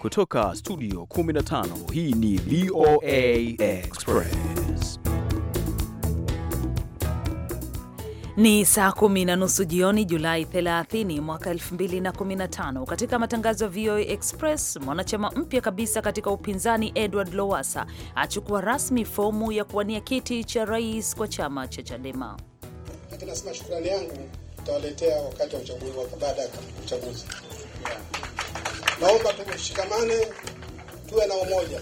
Kutoka studio 15 hii ni VOA Express. Ni saa kumi na nusu jioni Julai 30 mwaka 2015. Katika matangazo ya VOA Express, mwanachama mpya kabisa katika upinzani Edward Lowasa achukua rasmi fomu ya kuwania kiti cha rais kwa chama cha Chadema. Lakini nasema shukrani yangu tutawaletea wakati wa uchaguzi, baada ya uchaguzi yeah. Naomba tumshikamane, tuwe na umoja.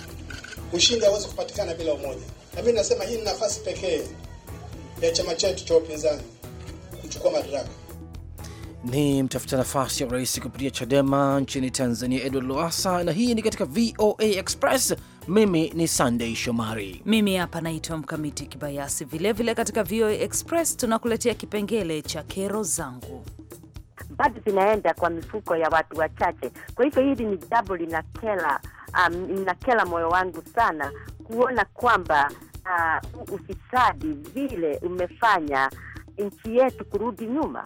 Ushindi hauwezi kupatikana bila umoja, na mimi nasema hii ni nafasi pekee ya chama chetu cha upinzani kuchukua madaraka. Ni mtafuta nafasi ya urais kupitia Chadema nchini Tanzania, Edward Lowassa, na hii ni katika VOA Express. Mimi ni Sunday Shomari, mimi hapa naitwa Mkamiti Kibayasi. Vilevile katika VOA Express tunakuletea kipengele cha kero zangu bado zinaenda kwa mifuko ya watu wachache. Kwa hivyo hili ni jambo linakela, um, linakela moyo wangu sana kuona kwamba uh, ufisadi vile umefanya nchi yetu kurudi nyuma.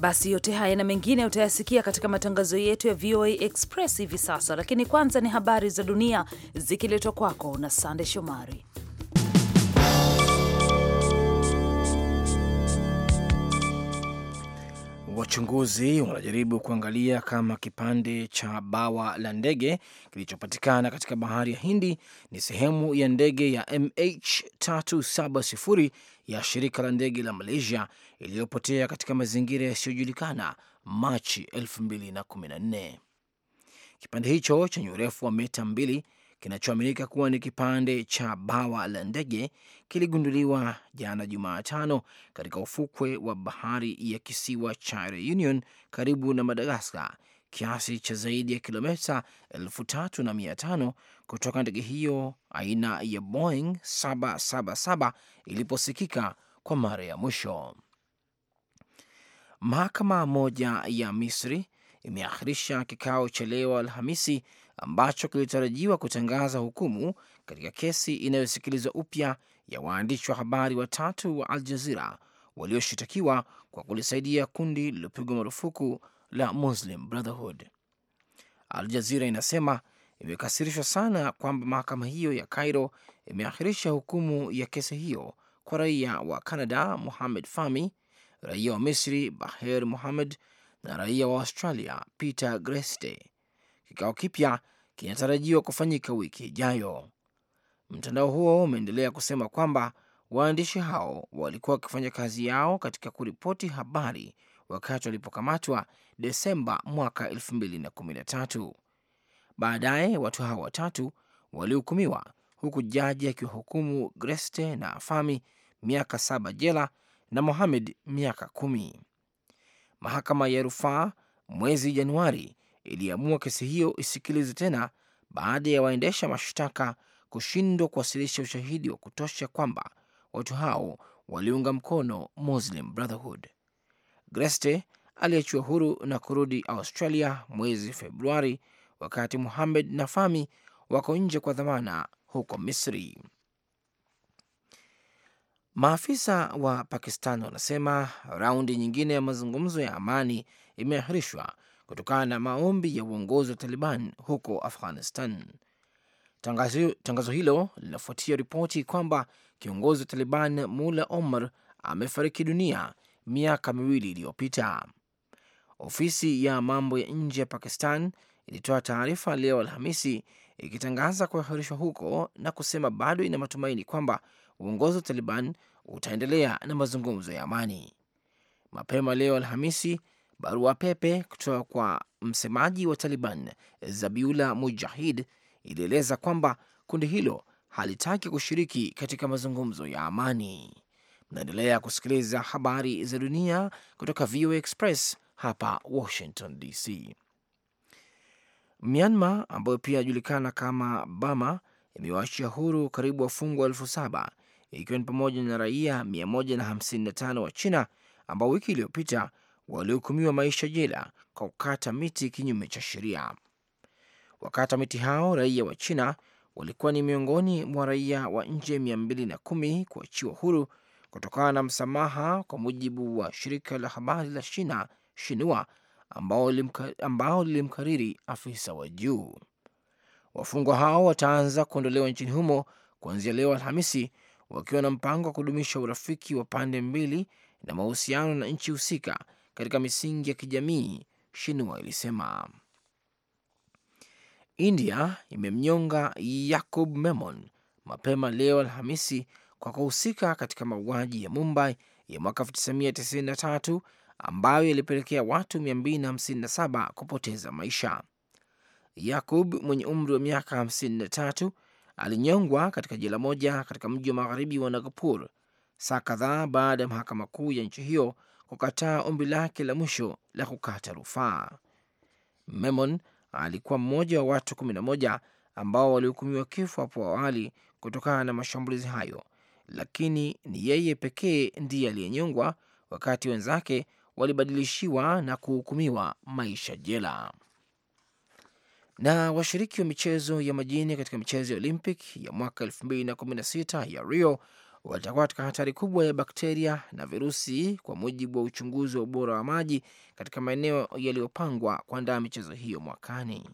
Basi yote haya na mengine utayasikia katika matangazo yetu ya VOA Express hivi sasa, lakini kwanza ni habari za dunia zikiletwa kwako na Sande Shomari. Wachunguzi wanajaribu kuangalia kama kipande cha bawa la ndege kilichopatikana katika bahari ya Hindi ni sehemu ya ndege ya MH370 ya shirika la ndege la Malaysia iliyopotea katika mazingira yasiyojulikana Machi 2014. Kipande hicho chenye urefu wa mita mbili kinachoaminika kuwa ni kipande cha bawa la ndege kiligunduliwa jana Jumatano katika ufukwe wa bahari ya kisiwa cha Reunion karibu na Madagaskar, kiasi cha zaidi ya kilomita elfu tatu na mia tano kutoka ndege hiyo aina ya Boeing 777 iliposikika kwa mara ya mwisho. Mahakama moja ya Misri imeahirisha kikao cha leo Alhamisi ambacho kilitarajiwa kutangaza hukumu katika kesi inayosikilizwa upya ya waandishi wa habari watatu wa Al Jazira walioshitakiwa kwa kulisaidia kundi lililopigwa marufuku la Muslim Brotherhood. Al Jazira inasema imekasirishwa sana kwamba mahakama hiyo ya Cairo imeahirisha hukumu ya kesi hiyo kwa raia wa Canada Mohamed Fahmy, raia wa Misri Baher Mohamed na raia wa Australia Peter Greste. Kikao kipya kinatarajiwa kufanyika wiki ijayo. Mtandao huo umeendelea kusema kwamba waandishi hao walikuwa wakifanya kazi yao katika kuripoti habari wakati walipokamatwa Desemba mwaka 2013. Baadaye watu hao watatu walihukumiwa huku jaji akiwahukumu Greste na Afami miaka saba jela na Mohamed miaka kumi. Mahakama ya rufaa mwezi Januari iliamua kesi hiyo isikilizwe tena baada ya waendesha mashtaka kushindwa kuwasilisha ushahidi wa kutosha kwamba watu hao waliunga mkono Muslim Brotherhood. Greste aliachiwa huru na kurudi Australia mwezi Februari, wakati Muhamed na Fami wako nje kwa dhamana huko Misri. Maafisa wa Pakistan wanasema raundi nyingine ya mazungumzo ya amani imeahirishwa kutokana na maombi ya uongozi wa Taliban huko Afghanistan. Tangazo, tangazo hilo linafuatia ripoti kwamba kiongozi wa Taliban Mula Omar amefariki dunia miaka miwili iliyopita. Ofisi ya mambo ya nje ya Pakistan ilitoa taarifa leo Alhamisi ikitangaza kuahirishwa huko na kusema bado ina matumaini kwamba uongozi wa Taliban utaendelea na mazungumzo ya amani. Mapema leo Alhamisi, Barua pepe kutoka kwa msemaji wa Taliban Zabiula Mujahid ilieleza kwamba kundi hilo halitaki kushiriki katika mazungumzo ya amani. Mnaendelea kusikiliza habari za dunia kutoka VOA Express hapa Washington DC. Myanmar ambayo pia inajulikana kama Bama imewaachia huru karibu wafungwa elfu saba ikiwa ni pamoja na raia 155 wa China ambao wiki iliyopita walihukumiwa maisha jela kwa kukata miti kinyume cha sheria. Wakata miti hao raia wa China walikuwa ni miongoni mwa raia wa nje mia mbili na kumi kuachiwa huru kutokana na msamaha, kwa mujibu wa shirika la habari la China Shinua ambao lilimkariri afisa wa juu. Wafungwa hao wataanza kuondolewa nchini humo kuanzia leo Alhamisi, wakiwa na mpango wa kudumisha urafiki wa pande mbili na mahusiano na nchi husika katika misingi ya kijamii, Shinua ilisema. India imemnyonga Yakub Memon mapema leo Alhamisi kwa kuhusika katika mauaji ya Mumbai ya mwaka 1993 ambayo yalipelekea watu 257 kupoteza maisha. Yakub mwenye umri wa miaka 53 alinyongwa katika jela moja katika mji wa magharibi wa Nagpur saa kadhaa baada ya mahakama kuu ya nchi hiyo kukataa ombi lake la mwisho la kukata rufaa. Memon alikuwa mmoja wa watu 11 ambao walihukumiwa kifo hapo awali kutokana na mashambulizi hayo, lakini ni yeye pekee ndiye aliyenyongwa, wakati wenzake walibadilishiwa na kuhukumiwa maisha jela. Na washiriki wa michezo ya majini katika michezo ya Olympic ya mwaka 2016 ya Rio watakuwa katika hatari kubwa ya bakteria na virusi, kwa mujibu wa uchunguzi wa ubora wa maji katika maeneo yaliyopangwa kuandaa michezo hiyo mwakani.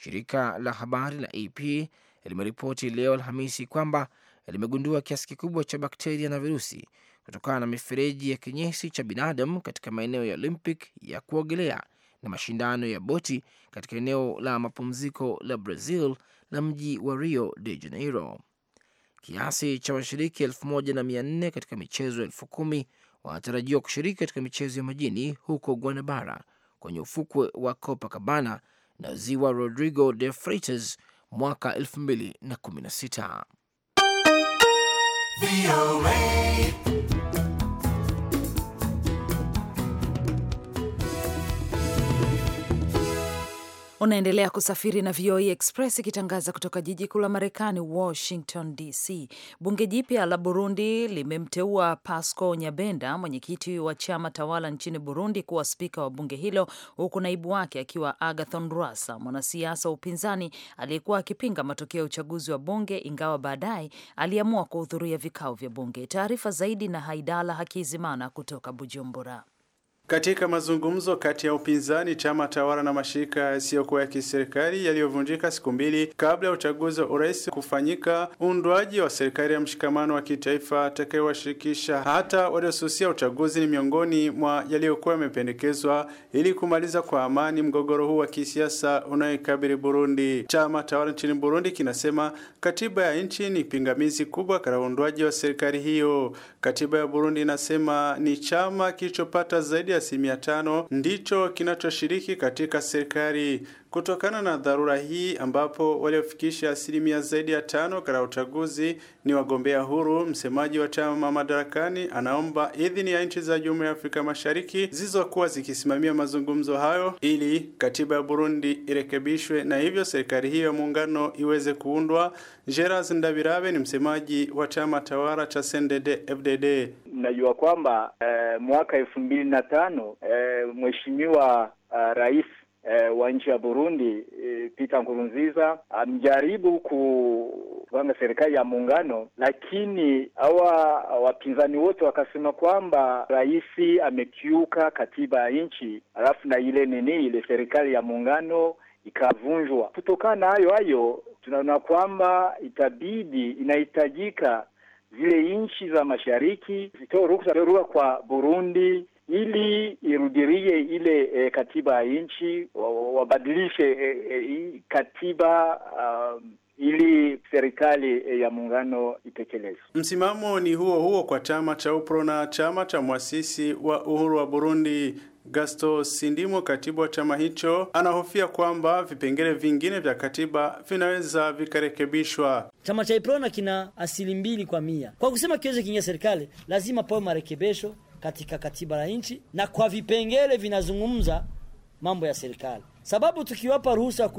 Shirika la habari la AP limeripoti leo Alhamisi kwamba limegundua kiasi kikubwa cha bakteria na virusi kutokana na mifereji ya kinyesi cha binadamu katika maeneo ya Olympic ya kuogelea na mashindano ya boti katika eneo la mapumziko la Brazil la mji wa Rio de Janeiro. Kiasi cha washiriki elfu moja na mia nne katika michezo elfu kumi wanatarajiwa kushiriki katika michezo ya majini huko Guanabara kwenye ufukwe wa Copacabana na ziwa Rodrigo de Freitas mwaka 2016. Unaendelea kusafiri na VOA e Express ikitangaza kutoka jiji kuu la Marekani, Washington DC. Bunge jipya la Burundi limemteua Pasco Nyabenda, mwenyekiti wa chama tawala nchini Burundi, kuwa spika wa bunge hilo, huku naibu wake akiwa Agathon Rwasa, mwanasiasa wa upinzani aliyekuwa akipinga matokeo ya uchaguzi wa bunge, ingawa baadaye aliamua kuhudhuria vikao vya bunge. Taarifa zaidi na Haidala Hakizimana kutoka Bujumbura. Katika mazungumzo kati ya upinzani, chama tawala na mashirika yasiyokuwa ya kiserikali yaliyovunjika siku mbili kabla ya uchaguzi wa urais kufanyika, uundwaji wa serikali ya mshikamano wa kitaifa atakayewashirikisha hata waliosusia uchaguzi ni miongoni mwa yaliyokuwa yamependekezwa ili kumaliza kwa amani mgogoro huu wa kisiasa unaoikabili Burundi. Chama tawala nchini Burundi kinasema katiba ya nchi ni pingamizi kubwa katika uundwaji wa serikali hiyo. Katiba ya Burundi inasema ni chama kilichopata zaidi asilimia tano ndicho kinachoshiriki katika serikali kutokana na dharura hii ambapo waliofikisha asilimia zaidi ya tano katika uchaguzi ni wagombea huru. Msemaji wa chama madarakani anaomba idhini ya nchi za Jumuiya ya Afrika Mashariki zilizokuwa zikisimamia mazungumzo hayo ili katiba ya Burundi irekebishwe na hivyo serikali hiyo ya muungano iweze kuundwa. Gerard Ndabirabe ni msemaji wa chama tawala cha CNDD FDD. Najua kwamba eh, mwaka elfu mbili na tano eh, mheshimiwa Uh, Rais e, wa nchi ya Burundi e, Peter Nkurunziza amjaribu kupanga serikali ya muungano, lakini hawa wapinzani wote wakasema kwamba rais amekiuka katiba ya nchi, alafu na ile nini ile serikali ya muungano ikavunjwa. Kutokana na hayo hayo, tunaona kwamba itabidi inahitajika zile nchi za mashariki zitoe ruhusa kwa Burundi ili irudirie ile e, katiba ya nchi, wabadilishe e, e, katiba um, ili serikali e, ya muungano itekelezwe. Msimamo ni huo huo kwa chama cha UPRO na chama cha mwasisi wa uhuru wa Burundi. Gasto Sindimo, katibu wa chama hicho, anahofia kwamba vipengele vingine vya katiba vinaweza vikarekebishwa. Chama cha UPRONA kina asili mbili kwa mia. Kwa kusema kiweze kiingia serikali, lazima pawe marekebisho katika katiba la nchi na kwa vipengele vinazungumza mambo ya serikali, sababu tukiwapa ruhusa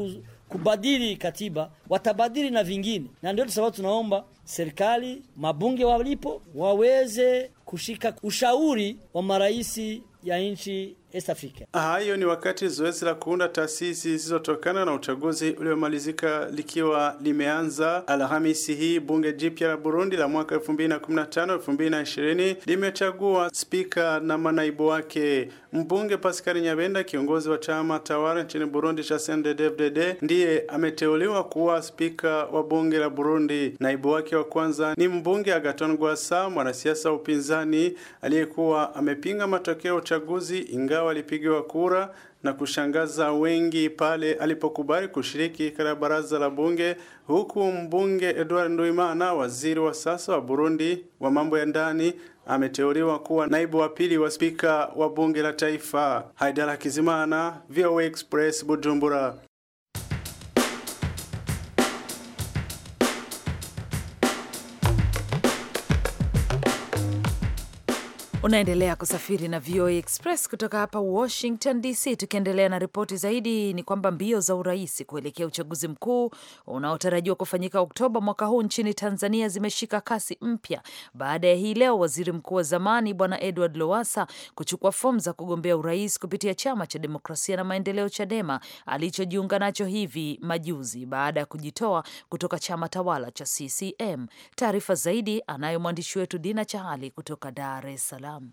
kubadili katiba watabadili na vingine, na ndio sababu tunaomba serikali, mabunge walipo waweze kushika ushauri wa maraisi ya nchi East Africa. Hayo ni wakati zoezi la kuunda taasisi zilizotokana na uchaguzi uliomalizika likiwa limeanza Alhamisi hii. Bunge jipya la Burundi la mwaka 2015 2020 limechagua spika na manaibu wake. Mbunge Pascal Nyabenda, kiongozi wa chama tawala nchini Burundi cha CNDD-FDD, ndiye ameteuliwa kuwa spika wa bunge la Burundi. Naibu wake wa kwanza ni mbunge Agaton Gwasa, mwanasiasa wa upinzani aliyekuwa amepinga matokeo ya uchaguzi ingawa walipigiwa alipigiwa kura na kushangaza wengi pale alipokubali kushiriki katika baraza la bunge, huku mbunge Edward Nduimana, waziri wa sasa wa Burundi wa mambo ya ndani, ameteuliwa kuwa naibu wa pili wa spika wa bunge la taifa. Haidara Kizimana, VOA Express, Bujumbura. Unaendelea kusafiri na VOA Express kutoka hapa Washington DC. Tukiendelea na ripoti zaidi, ni kwamba mbio za urais kuelekea uchaguzi mkuu unaotarajiwa kufanyika Oktoba mwaka huu nchini Tanzania zimeshika kasi mpya baada ya hii leo waziri mkuu wa zamani Bwana Edward Lowassa kuchukua fomu za kugombea urais kupitia chama cha demokrasia na maendeleo CHADEMA alichojiunga nacho hivi majuzi baada ya kujitoa kutoka chama tawala cha CCM. Taarifa zaidi anayo mwandishi wetu Dina Chahali kutoka Dar es Salaam. Salaam.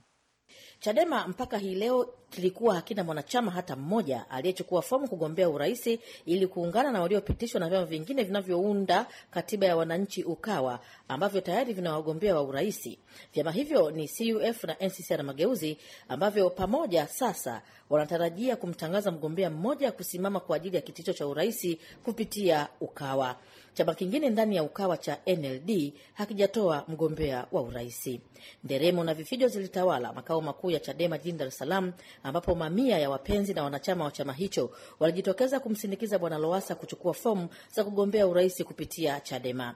Chadema mpaka hii leo kilikuwa hakina mwanachama hata mmoja aliyechukua fomu kugombea urais ili kuungana na waliopitishwa na vyama vingine vinavyounda katiba ya wananchi Ukawa, ambavyo tayari vina wagombea wa urais. Vyama hivyo ni CUF na NCCR Mageuzi, ambavyo pamoja sasa wanatarajia kumtangaza mgombea mmoja kusimama kwa ajili ya kiti hicho cha urais kupitia Ukawa chama kingine ndani ya Ukawa cha NLD hakijatoa mgombea wa urais. Nderemo na vifijo zilitawala makao makuu ya Chadema jijini Dar es Salaam, ambapo mamia ya wapenzi na wanachama wa chama hicho walijitokeza kumsindikiza Bwana Lowassa kuchukua fomu za kugombea urais kupitia Chadema.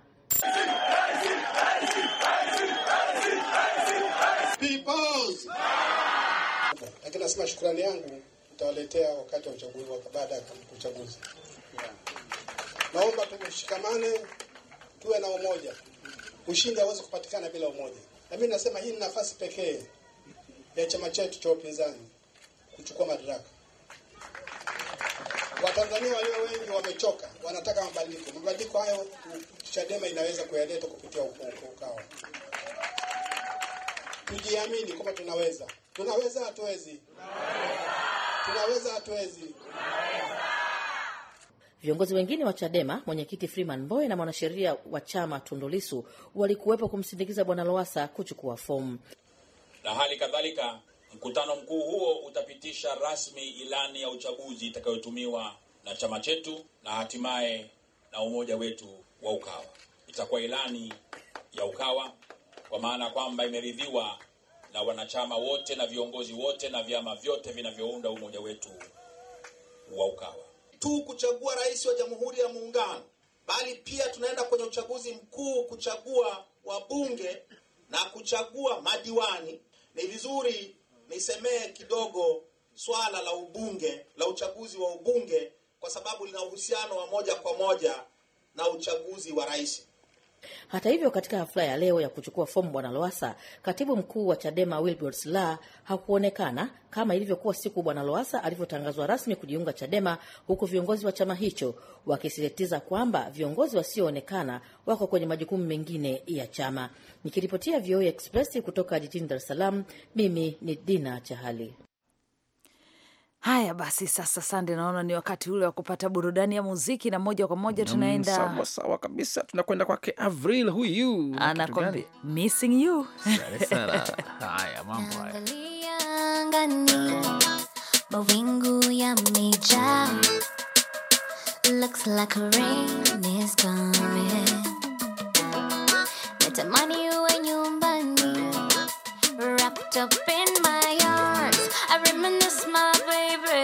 Lakini nasema shukrani yangu utawaletea wakati wa uchaguzi, baada ya uchaguzi. Naomba tushikamane, tuwe na umoja. Ushindi hauwezi kupatikana bila umoja, na mimi nasema hii ni nafasi pekee ya chama chetu cha upinzani kuchukua madaraka. Watanzania walio wengi wamechoka, wanataka mabadiliko. Mabadiliko hayo Chadema inaweza kuyaleta kupitia UKAWA. Tujiamini kwamba tunaweza, tunaweza hatuwezi, tunaweza hatuwezi. Viongozi wengine wa Chadema, mwenyekiti Freeman Mbowe na mwanasheria wa chama tundulisu walikuwepo kumsindikiza Bwana Lowassa kuchukua fomu, na hali kadhalika mkutano mkuu huo utapitisha rasmi ilani ya uchaguzi itakayotumiwa na chama chetu na hatimaye na umoja wetu wa Ukawa. Itakuwa ilani ya Ukawa kwa maana kwamba imeridhiwa na wanachama wote na viongozi wote na vyama vyote vinavyounda umoja wetu wa Ukawa tu kuchagua rais wa Jamhuri ya Muungano, bali pia tunaenda kwenye uchaguzi mkuu kuchagua wabunge na kuchagua madiwani. Ni vizuri nisemee kidogo swala la ubunge, la uchaguzi wa ubunge, kwa sababu lina uhusiano wa moja kwa moja na uchaguzi wa rais. Hata hivyo, katika hafla ya leo ya kuchukua fomu, bwana Loasa, katibu mkuu wa Chadema Wilbur Sla hakuonekana kama ilivyokuwa siku bwana Loasa alivyotangazwa rasmi kujiunga Chadema, huku viongozi wa chama hicho wakisisitiza kwamba viongozi wasioonekana wako kwenye majukumu mengine ya chama. Nikiripotia VOA e Express kutoka jijini Dar es Salaam, mimi ni Dina Chahali. Haya basi, sasa Sande, naona ni wakati ule wa kupata burudani ya muziki, na moja kwa moja mm, tunaenda sawa sawa kabisa, tunakwenda kwake Avril huyu anakwambia missing you. Haya mambo haya, mawingu yamejaa, looks like rain is coming, natamani uwe nyumbani wrapped up in my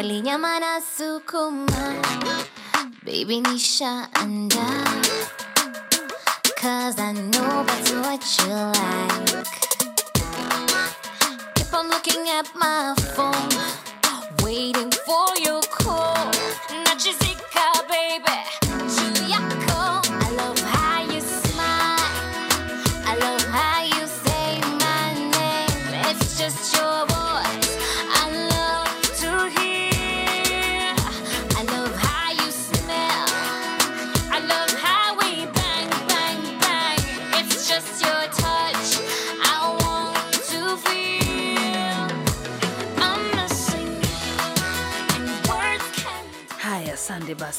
Kali mana sukuma Baby Nisha anda Cause I know that's what you like Keep on looking at my phone Waiting for your call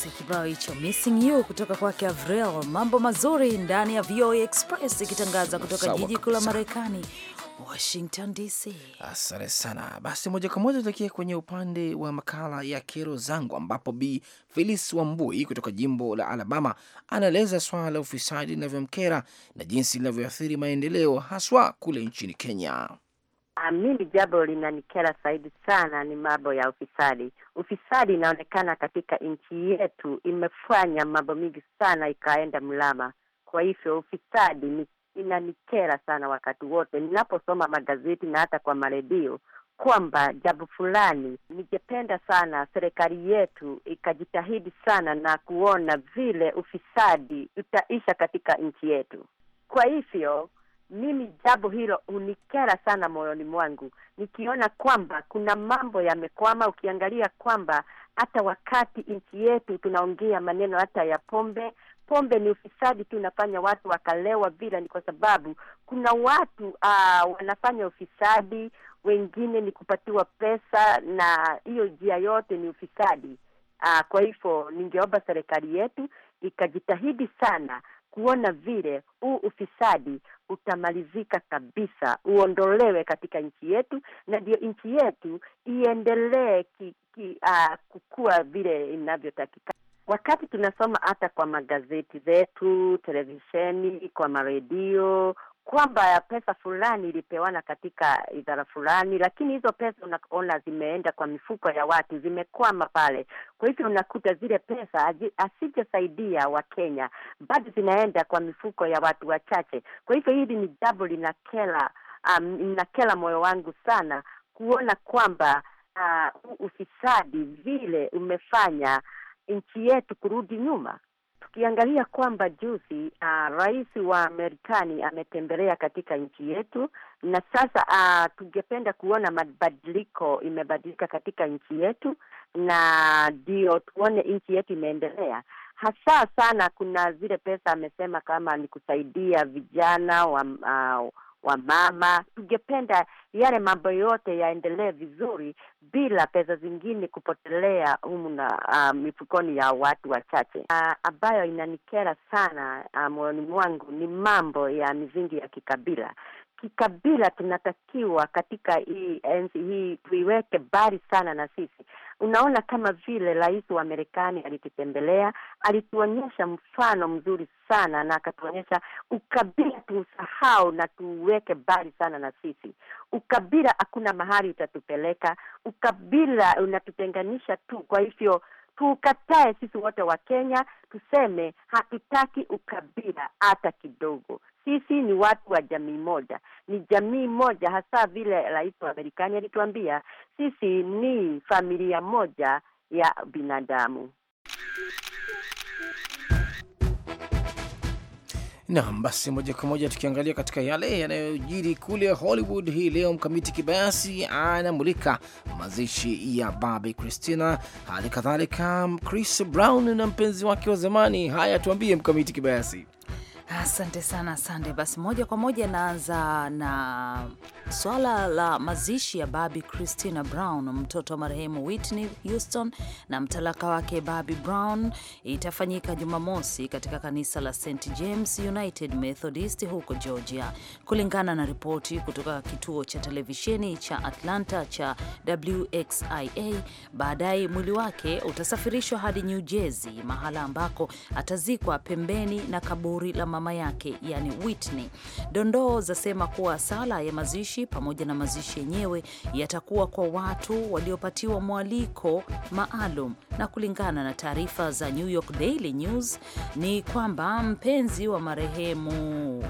basi kibao hicho Missing You kutoka kwake Avril. Mambo mazuri ndani ya VOA Express ikitangaza kutoka jiji kuu la Marekani, Washington DC. Asante sana. Basi moja kwa moja tutakia kwenye upande wa makala ya kero zangu, ambapo Bi Phyllis Wambui kutoka jimbo la Alabama anaeleza swala la ufisadi linavyomkera na jinsi linavyoathiri maendeleo haswa kule nchini Kenya. Ah, mimi jambo linanikera zaidi sana ni mambo ya ufisadi. Ufisadi inaonekana katika nchi yetu imefanya mambo mingi sana ikaenda mlama. Kwa hivyo ufisadi ni inanikera sana wakati wote ninaposoma magazeti na hata kwa maredio kwamba jambo fulani. Ningependa sana serikali yetu ikajitahidi sana na kuona vile ufisadi utaisha katika nchi yetu. Kwa hivyo mimi jambo hilo hunikera sana moyoni mwangu, nikiona kwamba kuna mambo yamekwama. Ukiangalia kwamba hata wakati nchi yetu tunaongea maneno hata ya pombe, pombe ni ufisadi tu, unafanya watu wakalewa, vila ni kwa sababu kuna watu uh, wanafanya ufisadi, wengine ni kupatiwa pesa, na hiyo njia yote ni ufisadi. Uh, kwa hivyo ningeomba serikali yetu ikajitahidi sana kuona vile huu ufisadi utamalizika kabisa, uondolewe katika nchi yetu, na ndio nchi yetu iendelee ki, ki, uh, kukua vile inavyotakikana. Wakati tunasoma hata kwa magazeti zetu, televisheni, kwa maredio, kwamba pesa fulani ilipewana katika idara fulani, lakini hizo pesa unaona zimeenda kwa mifuko ya watu, zimekwama pale. Kwa hivyo unakuta zile pesa asijasaidia Wakenya, bado zinaenda kwa mifuko ya watu wachache. Kwa hivyo hili ni jambo linakela, um, linakela moyo wangu sana kuona kwamba uh, ufisadi vile umefanya nchi yetu kurudi nyuma tukiangalia kwamba juzi uh, rais wa Marekani ametembelea katika nchi yetu, na sasa uh, tungependa kuona mabadiliko imebadilika katika nchi yetu, na ndio tuone nchi yetu imeendelea hasa sana. Kuna zile pesa amesema kama ni kusaidia vijana wa, uh, wa mama, tungependa yale mambo yote yaendelee vizuri bila pesa zingine kupotelea humu na uh, mifukoni ya watu wachache. Uh, ambayo inanikera sana uh, moyoni mwangu ni mambo ya misingi ya kikabila kikabila tunatakiwa katika hii enzi hii tuiweke mbali sana na sisi. Unaona, kama vile rais wa Marekani alitutembelea, alituonyesha mfano mzuri sana na akatuonyesha ukabila tuusahau na tuuweke mbali sana na sisi. Ukabila hakuna mahali utatupeleka, ukabila unatutenganisha tu. Kwa hivyo tuukatae sisi wote wa Kenya, tuseme hatutaki ukabila hata kidogo. Sisi ni watu wa jamii moja, ni jamii moja, hasa vile rais wa Marekani alituambia sisi ni familia moja ya binadamu. Naam, basi moja kwa moja tukiangalia katika yale yanayojiri kule Hollywood hii leo, mkamiti kibayasi anamulika mazishi ya Bobby Christina, hali kadhalika Chris Brown na mpenzi wake wa zamani. Haya, tuambie mkamiti kibayasi. Asante sana Sande. Basi moja kwa moja naanza na swala la mazishi ya Babi Christina Brown, mtoto wa marehemu Whitney Houston na mtalaka wake Babi Brown. Itafanyika Jumamosi katika kanisa la St James United Methodist huko Georgia, kulingana na ripoti kutoka kituo cha televisheni cha Atlanta cha WXIA. Baadaye mwili wake utasafirishwa hadi New Jersey, mahala ambako atazikwa pembeni na kaburi la mama mama yake, yani Whitney. Dondoo zasema kuwa sala ya mazishi pamoja na mazishi yenyewe yatakuwa kwa watu waliopatiwa mwaliko maalum, na kulingana na taarifa za New York Daily News ni kwamba mpenzi wa marehemu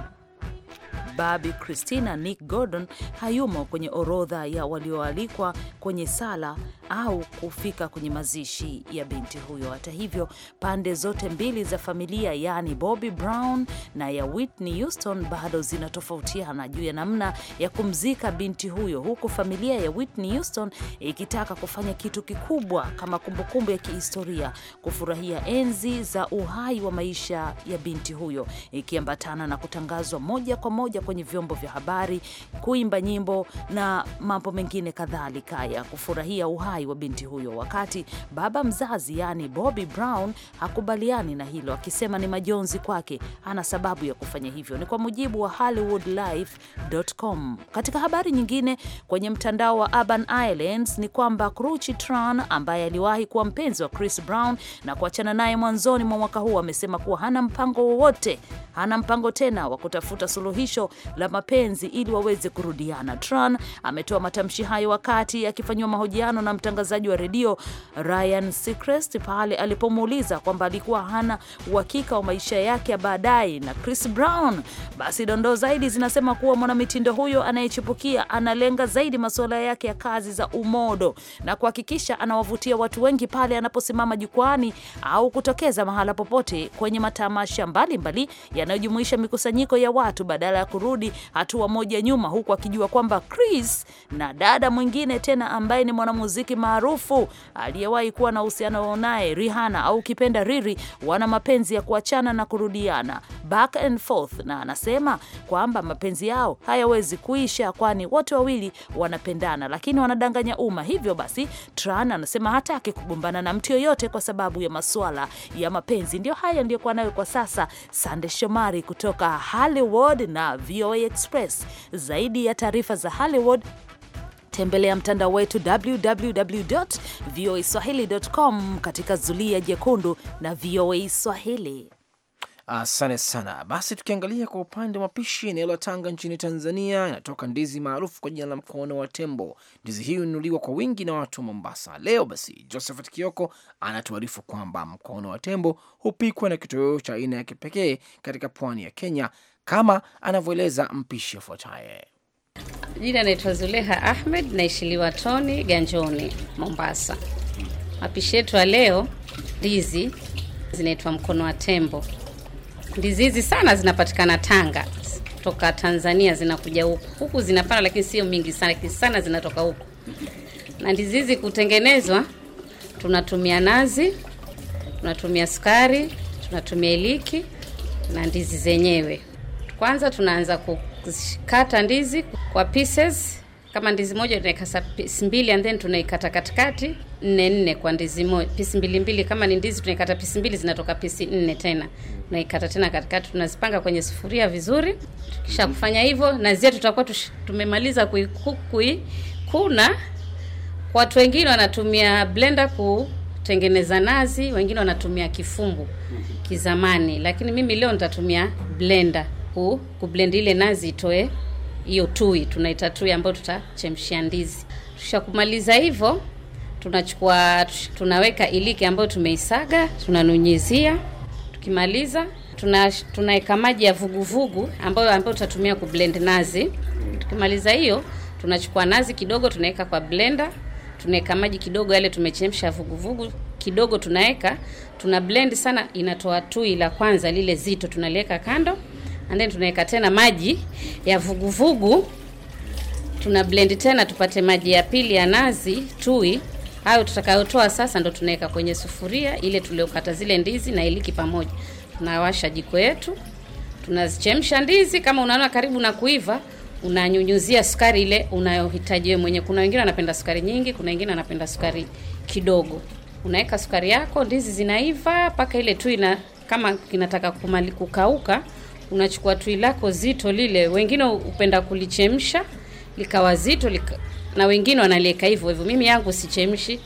Babi Christina Nick Gordon hayumo kwenye orodha ya walioalikwa kwenye sala au kufika kwenye mazishi ya binti huyo. Hata hivyo, pande zote mbili za familia, yaani Bobby Brown na ya Whitney Houston, bado zinatofautiana juu ya namna ya kumzika binti huyo, huku familia ya Whitney Houston ikitaka kufanya kitu kikubwa kama kumbukumbu ya kihistoria kufurahia enzi za uhai wa maisha ya binti huyo, ikiambatana na kutangazwa moja kwa moja kuingia kwenye vyombo vya habari, kuimba nyimbo na mambo mengine kadhalika ya kufurahia uhai wa binti huyo, wakati baba mzazi yani Bobby Brown hakubaliani na hilo, akisema ni majonzi kwake, ana sababu ya kufanya hivyo. Ni kwa mujibu wa hollywoodlife.com. Katika habari nyingine kwenye mtandao wa Urban Islands ni kwamba Kruchi Tran ambaye aliwahi kuwa mpenzi wa Chris Brown na kuachana naye mwanzoni mwa mwaka huu amesema kuwa hana mpango wowote, hana mpango tena wa kutafuta suluhisho la mapenzi ili waweze kurudiana. Tran ametoa matamshi hayo wakati akifanyiwa mahojiano na mtangazaji wa redio Ryan Seacrest pale alipomuuliza kwamba alikuwa hana uhakika wa maisha yake ya baadaye na Chris Brown. Basi dondoo zaidi zinasema kuwa mwanamitindo huyo anayechipukia analenga zaidi masuala yake ya kazi za umodo na kuhakikisha anawavutia watu wengi pale anaposimama jukwani au kutokeza mahala popote kwenye matamasha mbalimbali yanayojumuisha mikusanyiko ya watu badala ya kurudi hatua moja nyuma, huku akijua kwamba Chris na dada mwingine tena ambaye ni mwanamuziki maarufu aliyewahi kuwa na uhusiano naye Rihanna au kipenda Riri, wana mapenzi ya kuachana na kurudiana back and forth, na anasema kwamba mapenzi yao hayawezi kuisha, kwani wote wawili wanapendana, lakini wanadanganya umma. Hivyo basi, Tran anasema hataki kugombana na mtu yoyote kwa sababu ya masuala ya mapenzi. Ndio haya ndiyokuwa nayo kwa sasa. Sande Shomari kutoka Hollywood na VOA Express. Zaidi ya taarifa za Hollywood tembelea mtandao wetu www.voaswahili.com katika zulia jekundu na VOA Swahili. Asante sana. Basi tukiangalia kwa upande wa mapishi, eneo la Tanga nchini Tanzania inatoka ndizi maarufu kwa jina la mkono wa tembo. Ndizi hii hununuliwa kwa wingi na watu wa Mombasa. Leo basi, Josephat Kioko anatuarifu kwamba mkono wa tembo hupikwa na kitoweo cha aina ya kipekee katika pwani ya Kenya kama anavyoeleza mpishi afuataye. Jina naitwa Zuleha Ahmed, naishiliwa Toni Ganjoni, Mombasa. Mapishi yetu ya leo, ndizi zinaitwa mkono wa tembo. Ndizi hizi sana zinapatikana Tanga toka Tanzania, zinakuja huku huku, zinapanda lakini sio mingi sana, lakini sana zinatoka huku. Na ndizi hizi kutengenezwa, tunatumia nazi, tunatumia sukari, tunatumia iliki na ndizi zenyewe kwanza tunaanza kukata ndizi kwa pieces. Kama ndizi moja tunaikata pisi mbili and then tunaikata katikati nne nne kwa ndizi moja, pisi mbili mbili. Kama ni ndizi tunaikata pisi mbili, zinatoka pisi nne tena, tunaikata tena katikati, tunazipanga kwenye sufuria vizuri. Tukisha kufanya hivyo, na zile tutakuwa tumemaliza kuikukui kuna Watu wengine wanatumia blender kutengeneza nazi, wengine wanatumia kifumbu kizamani, lakini mimi leo nitatumia blender ku, ku blend ile nazi itoe hiyo tui, tunaita tui ambayo tutachemshia ndizi. tushakumaliza hivyo, tunachukua tunaweka iliki ambayo tumeisaga, tunanunyizia. Tukimaliza tunaweka maji ya vuguvugu ambayo ambayo tutatumia ku blend nazi. Tukimaliza hiyo, tunachukua nazi kidogo tunaweka kwa blender, tunaweka maji kidogo yale tumechemsha vuguvugu kidogo tunaweka, tuna blend sana, inatoa tui la kwanza lile zito, tunaliweka kando and then tunaweka tena maji ya vuguvugu vugu. Tuna blend tena tupate maji ya pili ya nazi tui hayo tutakayotoa sasa, ndo tunaweka kwenye sufuria ile tuliokata zile ndizi na iliki pamoja. Tunawasha jiko yetu, tunazichemsha ndizi. Kama unaona karibu na kuiva, unanyunyuzia sukari ile unayohitaji wewe mwenye. Kuna wengine wanapenda sukari nyingi, kuna wengine wanapenda sukari kidogo. Unaweka sukari yako, ndizi zinaiva mpaka ile tu ina kama kinataka kumali kukauka unachukua tui lako zito lile, wengine upenda kulichemsha likawa zito lika, na wengine wanalieka hivyo hivyo. Mimi yangu sichemshi,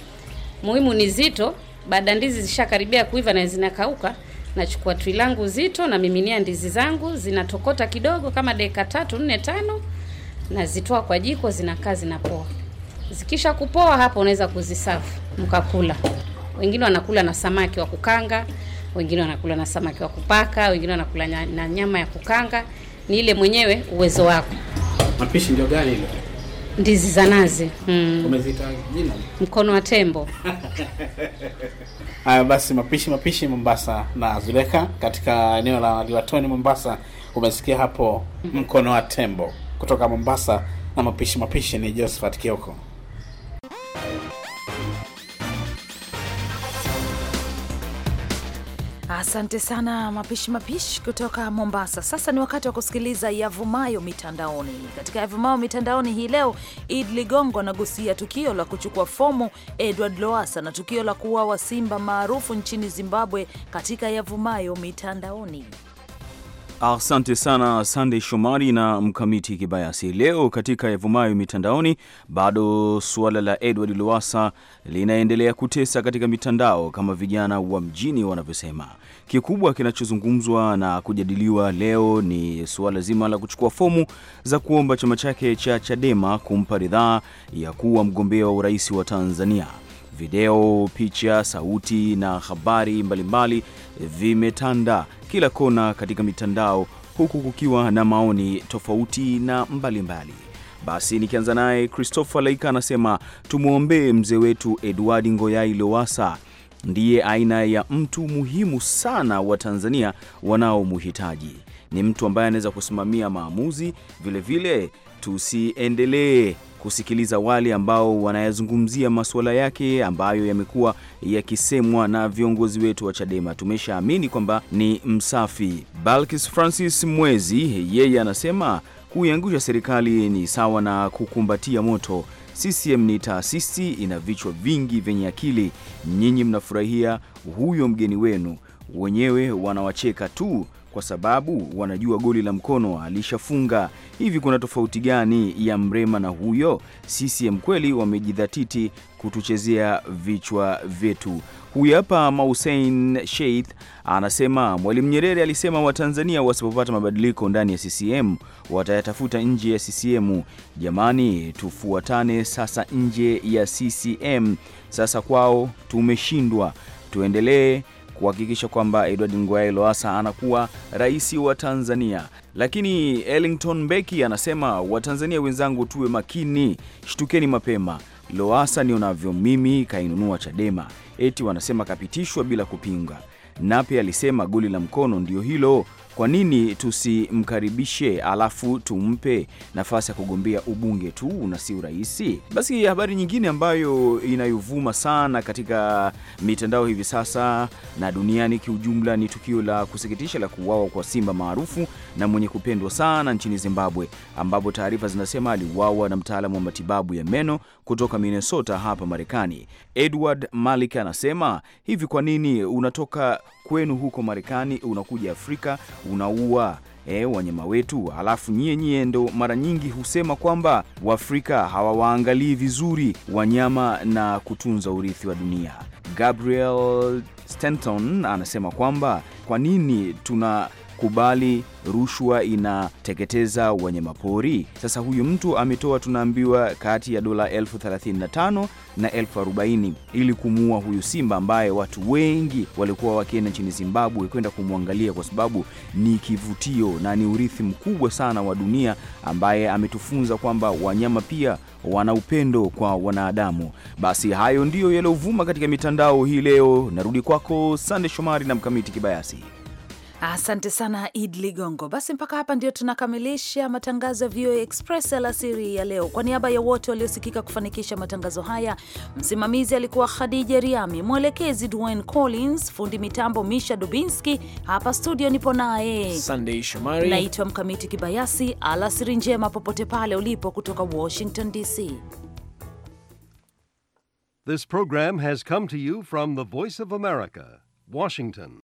muhimu ni zito. Baada ndizi zishakaribia kuiva na zinakauka, nachukua tui langu zito na miminia ndizi zangu, zinatokota kidogo kama dakika tatu nne tano, nazitoa kwa jiko, zinakaa zinapoa. Zikisha kupoa hapo, unaweza kuzisafu mkakula. Wengine wanakula na samaki wa kukanga wengine wanakula na samaki wa kupaka, wengine wanakula na nyama ya kukanga. Ni ile mwenyewe uwezo wako. Mapishi ndio gani ile? Ndizi za nazi. Mm. jina? Mkono wa tembo. Haya basi, mapishi mapishi Mombasa na Zuleka katika eneo la Liwatoni Mombasa. Umesikia hapo, mm-hmm. mkono wa tembo kutoka Mombasa na mapishi mapishi ni Josephat Kioko. Asante sana mapishi mapishi kutoka Mombasa. Sasa ni wakati wa kusikiliza yavumayo mitandaoni. Katika yavumayo mitandaoni hii leo, Id Ligongo anagusia tukio la kuchukua fomu Edward Loasa na tukio la kuuawa simba maarufu nchini Zimbabwe katika yavumayo mitandaoni. Asante sana Sandey Shomari na Mkamiti Kibayasi. Leo katika yavumayo mitandaoni, bado suala la Edward Lowasa linaendelea kutesa katika mitandao kama vijana wa mjini wanavyosema. Kikubwa kinachozungumzwa na kujadiliwa leo ni suala zima la kuchukua fomu za kuomba chama chake cha Chadema kumpa ridhaa ya kuwa mgombea wa urais wa Tanzania. Video, picha, sauti na habari mbalimbali vimetanda kila kona katika mitandao huku kukiwa na maoni tofauti na mbalimbali mbali. Basi nikianza naye Christopher Laika anasema tumwombee mzee wetu Edward Ngoyai Lowasa ndiye aina ya mtu muhimu sana wa Tanzania wanaomhitaji. Ni mtu ambaye anaweza kusimamia maamuzi. Vilevile tusiendelee kusikiliza wale ambao wanayazungumzia masuala yake ambayo yamekuwa yakisemwa na viongozi wetu wa Chadema. Tumeshaamini kwamba ni msafi. Balkis Francis Mwezi yeye anasema kuiangusha serikali ni sawa na kukumbatia moto. CCM ni taasisi ina vichwa vingi vyenye akili. Nyinyi mnafurahia huyo mgeni wenu, wenyewe wanawacheka tu kwa sababu wanajua goli la mkono alishafunga. Hivi kuna tofauti gani ya Mrema na huyo? CCM kweli wamejidhatiti kutuchezea vichwa vyetu. Huyu hapa Mausein Sheith anasema Mwalimu Nyerere alisema Watanzania wasipopata mabadiliko ndani ya CCM watayatafuta nje ya CCM. Jamani, tufuatane sasa nje ya CCM. Sasa kwao tumeshindwa, tuendelee kuhakikisha kwamba Edward Ngoyai Lowassa anakuwa rais wa Tanzania. Lakini Ellington Beki anasema Watanzania wenzangu, tuwe makini, shtukeni mapema. Lowassa nionavyo mimi kainunua Chadema eti wanasema kapitishwa bila kupinga. Nape alisema goli la mkono ndio hilo kwa nini tusimkaribishe alafu tumpe nafasi ya kugombea ubunge tu na si urais? Basi habari nyingine ambayo inayovuma sana katika mitandao hivi sasa na duniani kiujumla ni tukio la kusikitisha la kuuawa kwa simba maarufu na mwenye kupendwa sana nchini Zimbabwe, ambapo taarifa zinasema aliuawa na mtaalamu wa matibabu ya meno kutoka Minnesota hapa Marekani. Edward Malik anasema hivi, kwa nini unatoka kwenu huko Marekani unakuja Afrika unaua e, wanyama wetu. Alafu nyie nyie ndo mara nyingi husema kwamba Waafrika hawawaangalii vizuri wanyama na kutunza urithi wa dunia. Gabriel Stanton anasema kwamba kwa nini tuna kubali rushwa inateketeza wanyamapori. Sasa huyu mtu ametoa, tunaambiwa kati ya dola elfu 35 na elfu 40 ili kumuua huyu simba ambaye watu wengi walikuwa wakienda nchini Zimbabwe kwenda kumwangalia kwa sababu ni kivutio na ni urithi mkubwa sana wa dunia, ambaye ametufunza kwamba wanyama pia wana upendo kwa wanadamu. Basi hayo ndiyo yaliyovuma katika mitandao hii leo. Narudi kwako Sande Shomari na Mkamiti Kibayasi. Asante sana Id Ligongo. Basi mpaka hapa ndio tunakamilisha matangazo ya VOA Express alasiri ya leo. Kwa niaba ya wote waliosikika kufanikisha matangazo haya, msimamizi alikuwa Khadija Riami, mwelekezi Dwayne Collins, fundi mitambo Misha Dubinski. Hapa studio nipo naye Sandei Shomari, naitwa Mkamiti Kibayasi. Alasiri njema popote pale ulipo, kutoka Washington DC. This program has come to you from the Voice of America, Washington.